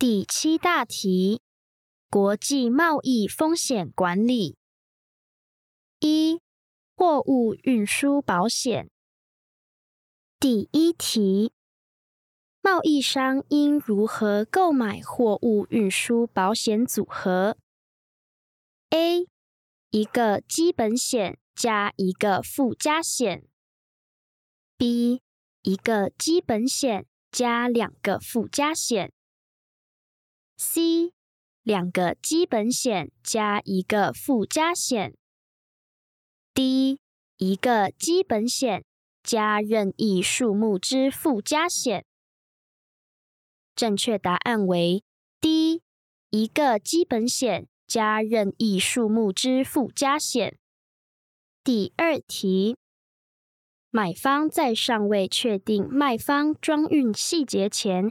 第七大題：國際貿易風險管理。一、貨物運輸保險。第一題：貿易商應如何購買貨物運輸保險組合？A. 一個基本險加一個附加險。B. 一個基本險加兩個附加險。C 兩個基本險加一個附加險。D 一個基本險加任意數目之附加險。正確答案為 D 一個基本險加任意數目之附加險。第二題，買方在尚未確定賣方裝運細節前，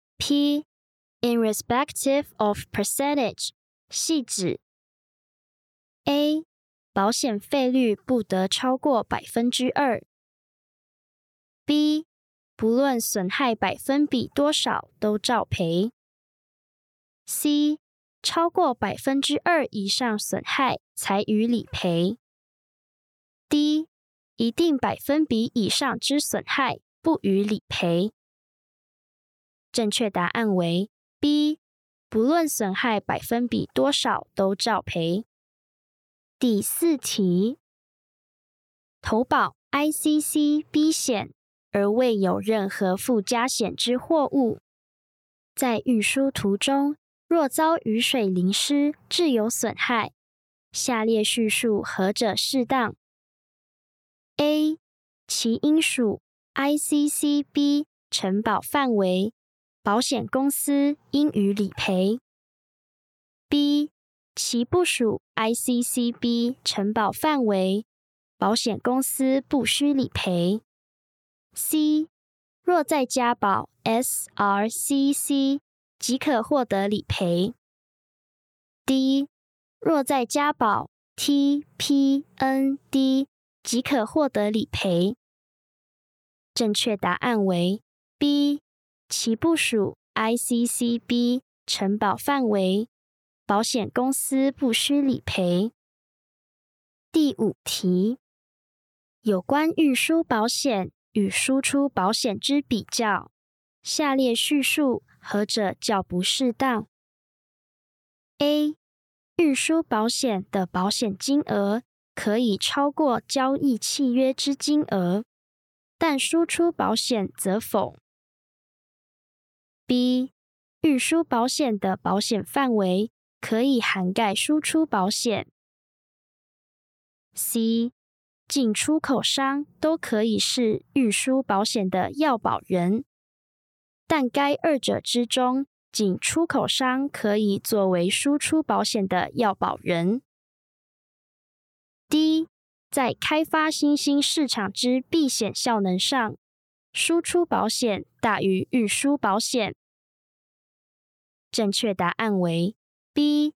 P，irrespective of percentage，係指。A，保險費率不得超過百分之二。B，不論損害百分比多少都照賠。C，超過百分之二以上損害才予理賠。D，一定百分比以上之損害不予理賠。正確答案為 B。不論損害百分比多少，都照賠。第四題：投保 ICC B 險而未有任何附加險之貨物，在運輸途中若遭雨水淋濕，致有損害，下列敘述何者適當？A. 其應屬 ICC B 承保範圍。保險公司應予理賠。B，其不屬 ICCB 承保範圍，保險公司不需理賠。C，若再加保 SRCC，即可獲得理賠。D，若再加保 TPND，即可獲得理賠。正確答案為 B。其不屬 ICCB 承保範圍，保險公司不需理賠。第五題，有關運輸保險與輸出保險之比較，下列敘述何者較不適當？A. 運輸保險的保險金額可以超過交易契約之金額，但輸出保險則否。B. 運輸保險的保險範圍可以涵蓋輸出保險。C. 進出口商都可以是運輸保險的要保人，但該二者之中，僅出口商可以作為輸出保險的要保人。D. 在開發新興市場之避險效能上，輸出保險大於運輸保險。正確答案為 B。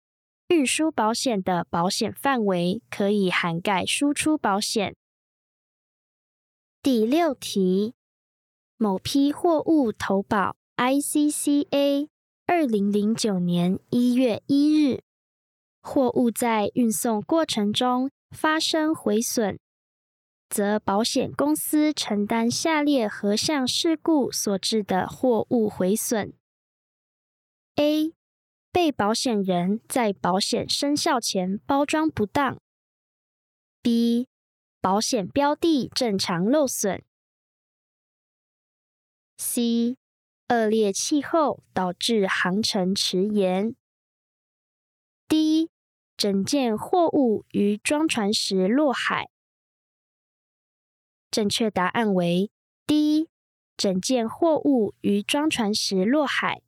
運輸保險的保險範圍可以涵蓋輸出保險。第六題：某批貨物投保 ICC A 二零零九年一月一日，貨物在運送過程中發生毀損，則保險公司承擔下列何項事故所致的貨物毀損？A. 被保險人在保險生效前包裝不當。B. 保險標的正常漏損。C. 惡劣氣候導致航程遲延。D. 整件貨物於裝船時落海。正確答案為 D. 整件貨物於裝船時落海。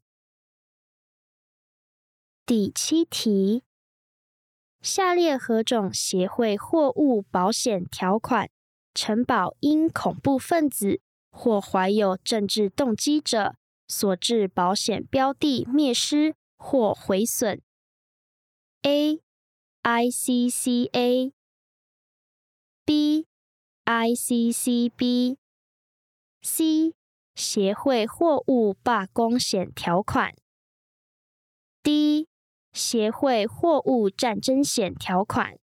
第七題：下列何種協會貨物保險條款承保因恐怖分子或懷有政治動機者所致保險標的滅失或毀損？A. ICCA B. ICCB C. 協會貨物罷工險條款 D. 協會貨物戰爭險條款，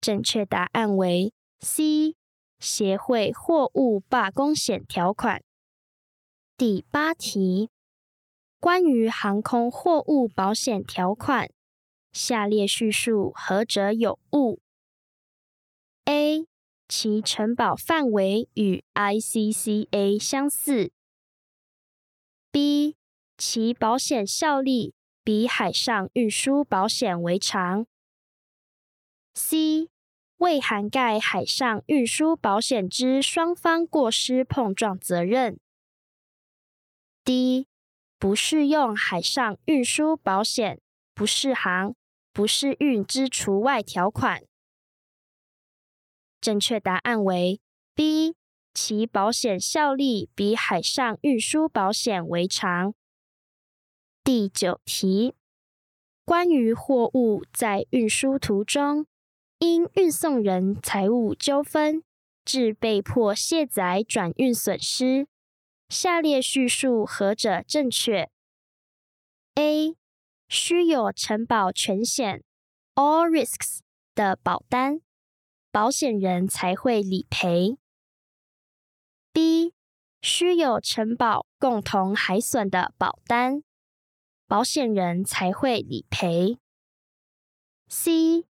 正確答案為 C。協會貨物罷工險條款。第八題，關於航空貨物保險條款，下列敘述何者有誤？A，其承保範圍與 ICC A 相似。B，其保險效力。比海上運輸保險為長。C 未涵蓋海上運輸保險之雙方過失碰撞責任。D 不適用海上運輸保險不適航、不適運之除外條款。正確答案為 B，其保險效力比海上運輸保險為長。第九題，關於貨物在運輸途中因運送人財務糾紛致被迫卸載轉運損失，下列敘述何者正確？A. 需有承保全險 All Risks 的保單，保險人才會理賠。B. 需有承保共同海損的保單。保險人才會理賠。C.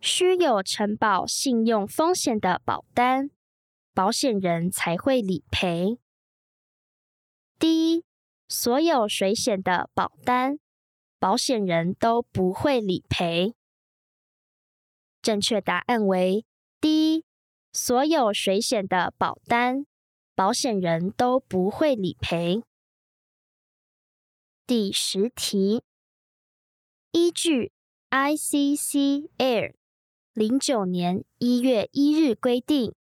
需有承保信用風險的保單，保險人才會理賠。D. 所有水險的保單，保險人都不會理賠。正確答案為 D，所有水險的保單，保險人都不會理賠。第十題，依據 ICC Air 零九年一月一日規定，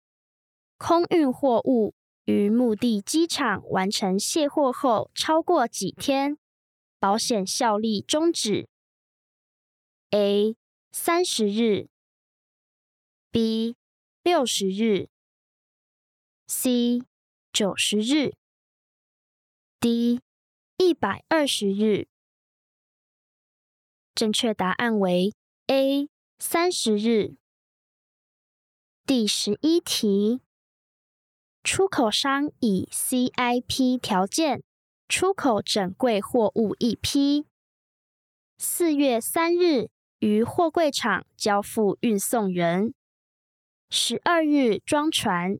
空運貨物於目的機場完成卸貨後，超過幾天，保險效力終止？A. 三十日 B. 六十日 C. 九十日 D. 一百二十日，正確答案為 A 三十日。第十一題，出口商以 C I P 條件出口整櫃貨物一批，四月三日於貨櫃場交付運送人，十二日裝船，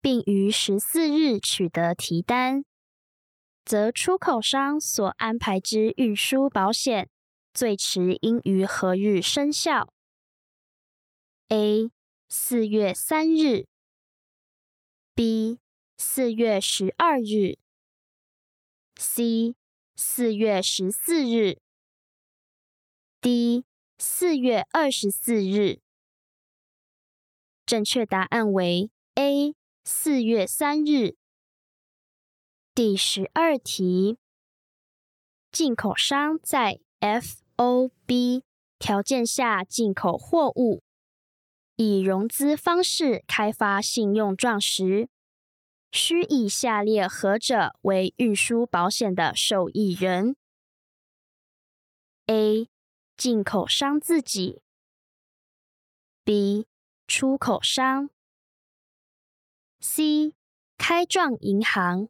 並於十四日取得提單。則出口商所安排之運輸保險，最遲應於何日生效？A. 四月三日 B. 四月十二日 C. 四月十四日 D. 四月二十四日。正確答案為 A. 四月三日。第十二題：進口商在 FOB 條件下進口貨物，以融資方式開發信用狀時，需以下列何者為運輸保險的受益人？A. 進口商自己 B. 出口商 C. 開狀銀行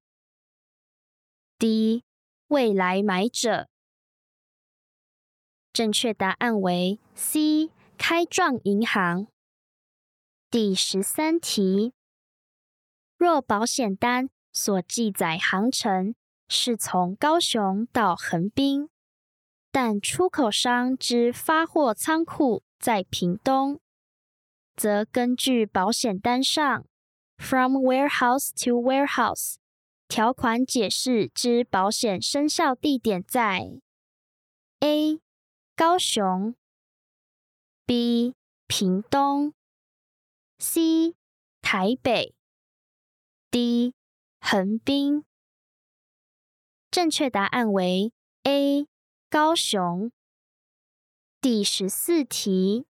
D 未來買者，正確答案為 C 開狀銀行。第十三題，若保險單所記載航程是從高雄到橫濱，但出口商之發貨倉庫在屏東，則根據保險單上 From Warehouse to Warehouse。條款解釋之保險生效地點在：A. 高雄 B. 屏東 C. 台北 D. 橫濱。正確答案為 A. 高雄。第十四題：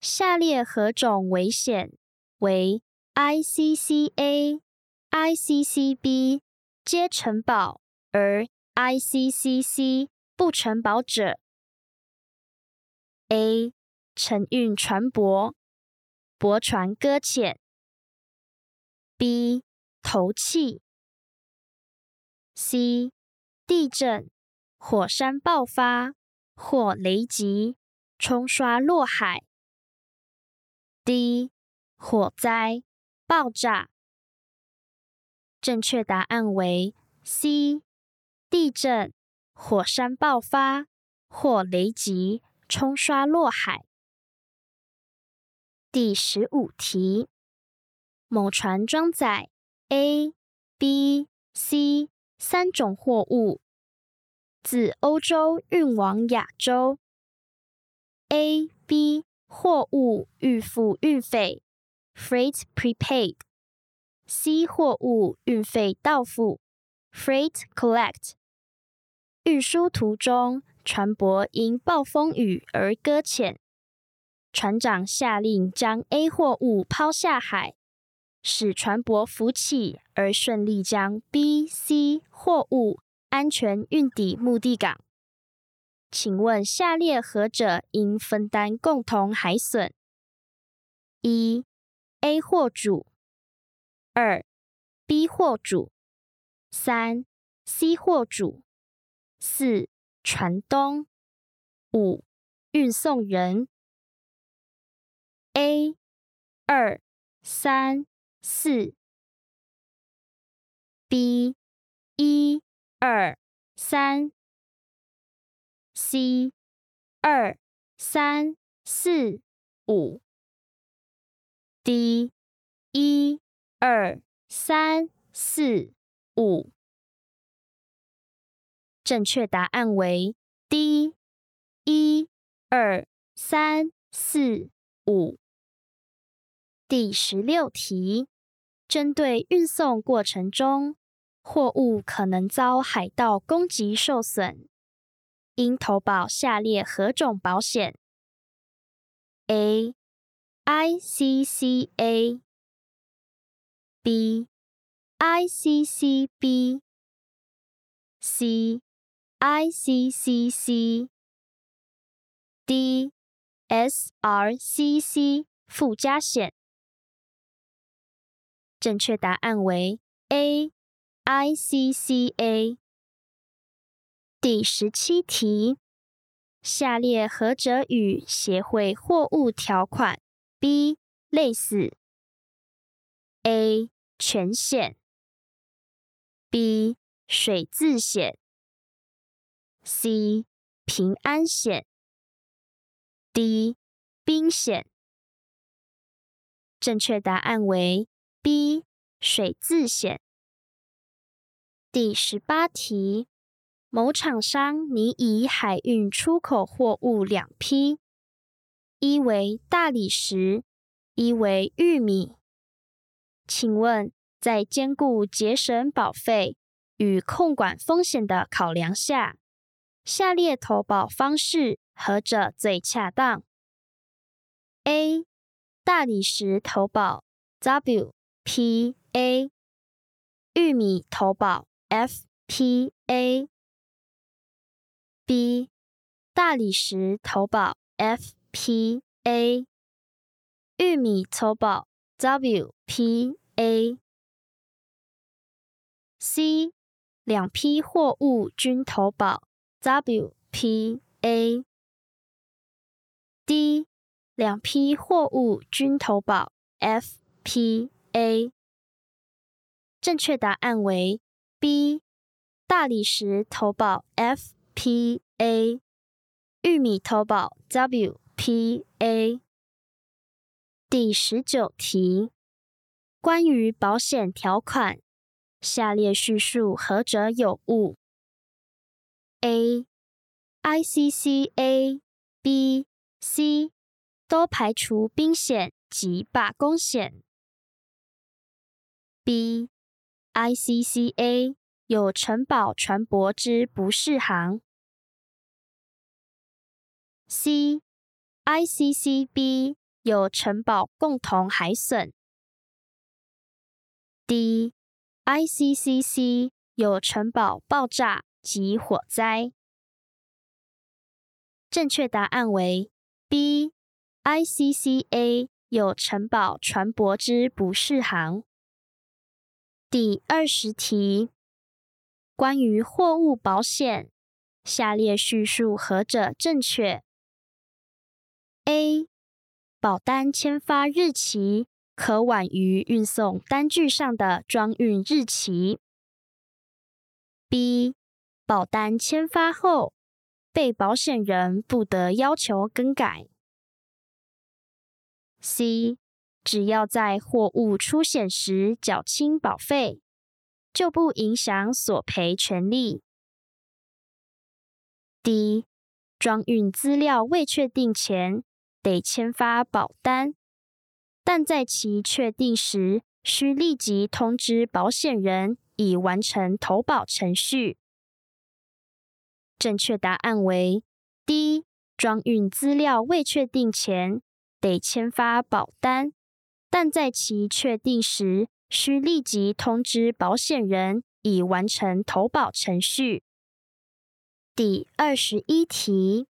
下列何種危險為 ICCA？I C C B 皆承保，而 I C C C 不承保者：A. 承運船舶，駁船擱淺；B. 投棄；C. 地震、火山爆發或雷擊，沖刷落海；D. 火災、爆炸。正確答案為 C：地震、火山爆發或雷擊沖刷落海。第十五題，某船裝載 A、B、C 三種貨物自歐洲運往亞洲，A、B 貨物預付運費 （freight prepaid）。Fre C 貨物運費到付，Freight Collect。運輸途中，船舶因暴風雨而擱淺，船長下令將 A 貨物拋下海，使船舶浮起而順利將 B、C 貨物安全運抵目的港。請問下列何者應分擔共同海損？一、A 貨主。二 B 貨主，三 C 貨主，四船東，五運送人。A 二三四，B 一二三，C 二三四五，D 一。二三四五，正確答案為 D。一、二、三、四、五。第十六題，針對運送過程中貨物可能遭海盜攻擊受損，應投保下列何種保險 A,？A、ICC A。B ICCB C ICCC D SRCC 附加險。正確答案為 A ICCA。第十七題，下列何者與協會貨物條款 B 類似？A 全險、B 水漬險、C 平安險、D 冰險，正確答案為 B 水漬險。第十八題，某廠商擬以海運出口貨物兩批，一為大理石，一為玉米。請問，在兼顧節省保費與控管風險的考量下，下列投保方式何者最恰當？A. 大理石投保 WPA，玉米投保 FPA。B. 大理石投保 FPA，玉米投保 W P A C 兩批貨物均投保。W P A D 兩批貨物均投保。F P A 正確答案為 B 大理石投保。F P A 玉米投保。W P A 第十九題，關於保險條款，下列敘述何者有誤？A、ICC A、B、C 都排除兵險及罷工險。B、ICC A 有承保船舶之不適航。C、ICC B，有承保共同海損。D I C C C 有承保爆炸及火災。正確答案為 B I C C A 有承保船舶之不適航。第二十題，關於貨物保險，下列敘述何者正確？A 保單簽發日期可晚於運送單據上的裝運日期。B. 保單簽發後，被保險人不得要求更改。C. 只要在貨物出險時繳清保費，就不影響索賠權利。D. 裝運資料未確定前，得簽發保單，但在其確定時，需立即通知保險人已完成投保程序。正確答案為 D。裝運資料未確定前，得簽發保單，但在其確定時，需立即通知保險人已完成投保程序。第二十一題。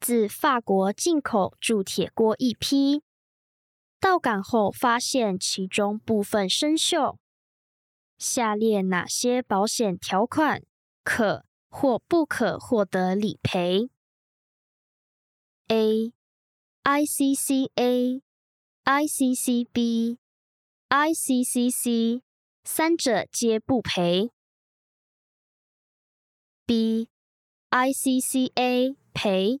自法國進口鑄鐵鍋一批，到港後發現其中部分生鏽。下列哪些保險條款可或不可獲得理賠？A、ICC A、ICC B、ICC C 三者皆不賠。B、ICC A 賠。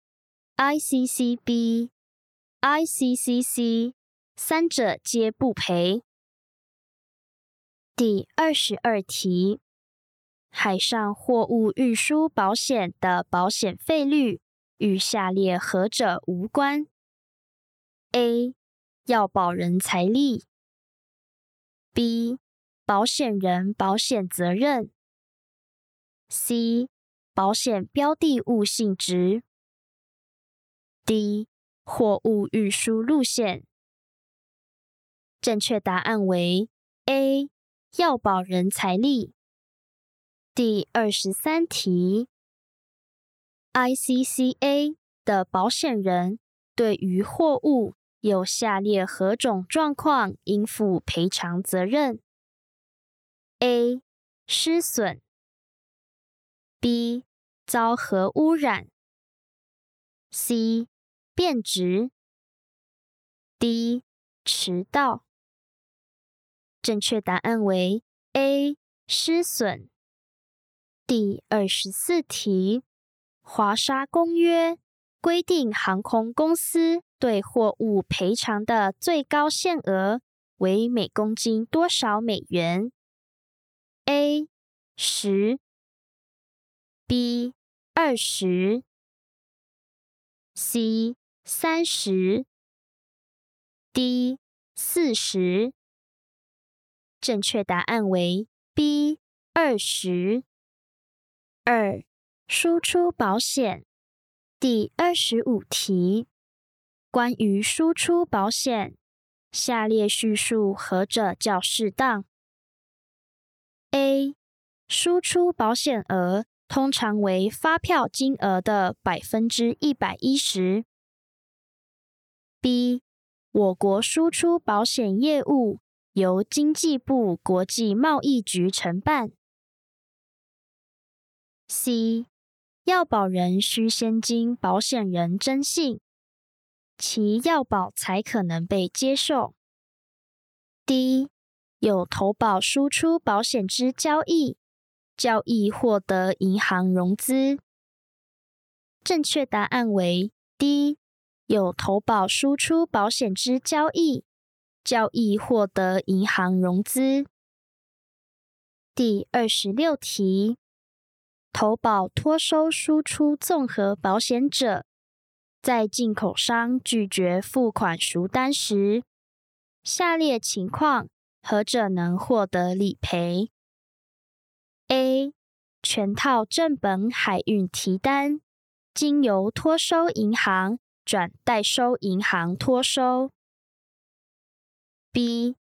ICC B、ICC C 三者皆不賠。第二十二題：海上貨物運輸保險的保險費率與下列何者無關？A. 要保人財力。B. 保險人保險責任。C. 保險標的物性質。B 貨物運輸路線，正確答案為 A。要保人財力。第二十三題，ICC A 的保險人對於貨物有下列何種狀況應負賠償責任？A 失損，B 遭核污染，C。貶值。D，遲到。正確答案為 A，失損。第二十四題，華沙公約規定航空公司對貨物賠償的最高限額為每公斤多少美元？A，十。B，二十。C。三十，D，四十，正確答案為 B，二十。二，輸出保險，第二十五題，關於輸出保險，下列敘述何者較適當？A，輸出保險額通常為發票金額的百分之一百一十。B，我國輸出保險業務由經濟部國際貿易局承辦。C，要保人需先經保險人徵信，其要保才可能被接受。D，有投保輸出保險之交易，交易獲得銀行融資。正確答案為 D。有投保輸出保險之交易，交易獲得銀行融資。第二十六題，投保托收輸出綜合保險者，在進口商拒絕付款贖單時，下列情況何者能獲得理賠？A. 全套正本海運提單，經由托收銀行。轉代收銀行托收；B.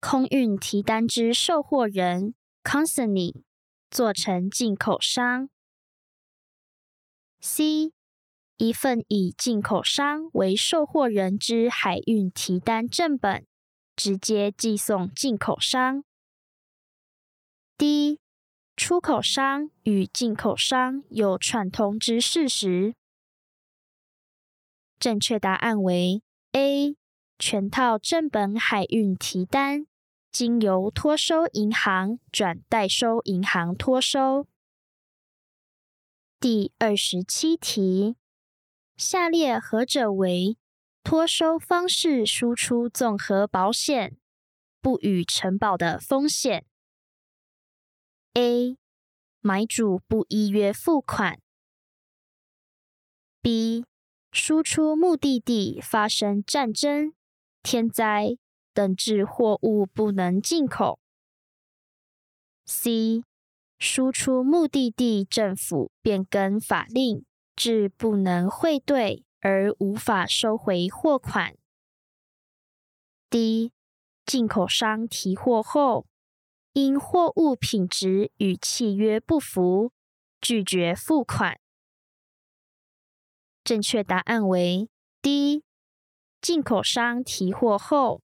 空運提單之受貨人 consignee 做成進口商；C. 一份以進口商為受貨人之海運提單正本，直接寄送進口商；D. 出口商與進口商有串通之事實。正確答案為 A，全套正本海運提單經由托收銀行轉代收銀行托收。第二十七題，下列何者為托收方式輸出綜合保險不予承保的風險？A. 買主不依約付款。B. 輸出目的地發生戰爭、天災等，致貨物不能進口。C. 輸出目的地政府變更法令，致不能匯兌而無法收回貨款。D. 進口商提貨後，因貨物品質與契約不符，拒絕付款。正確答案為 D。進口商提貨後，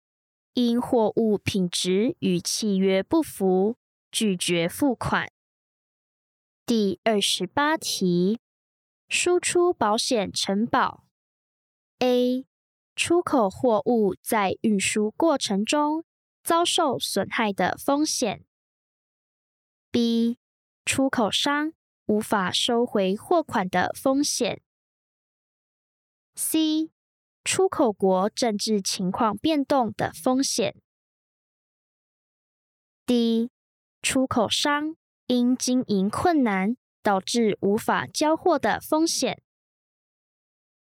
因貨物品質與契約不符，拒絕付款。第二十八題，輸出保險承保：A. 出口貨物在運輸過程中遭受損害的風險；B. 出口商無法收回貨款的風險。C. 出口國政治情況變動的風險。D. 出口商因經營困難導致無法交貨的風險。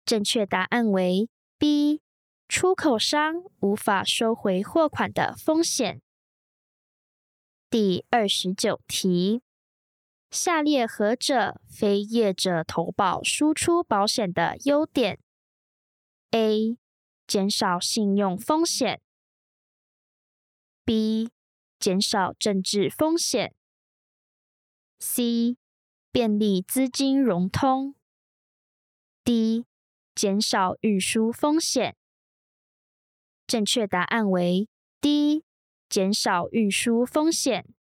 正確答案為 B. 出口商無法收回貨款的風險。第二十九題：下列何者非業者投保輸出保險的優點？A. 減少信用風險。B. 減少政治風險。C. 便利資金融通。D. 減少運輸風險。正確答案為 D. 減少運輸風險。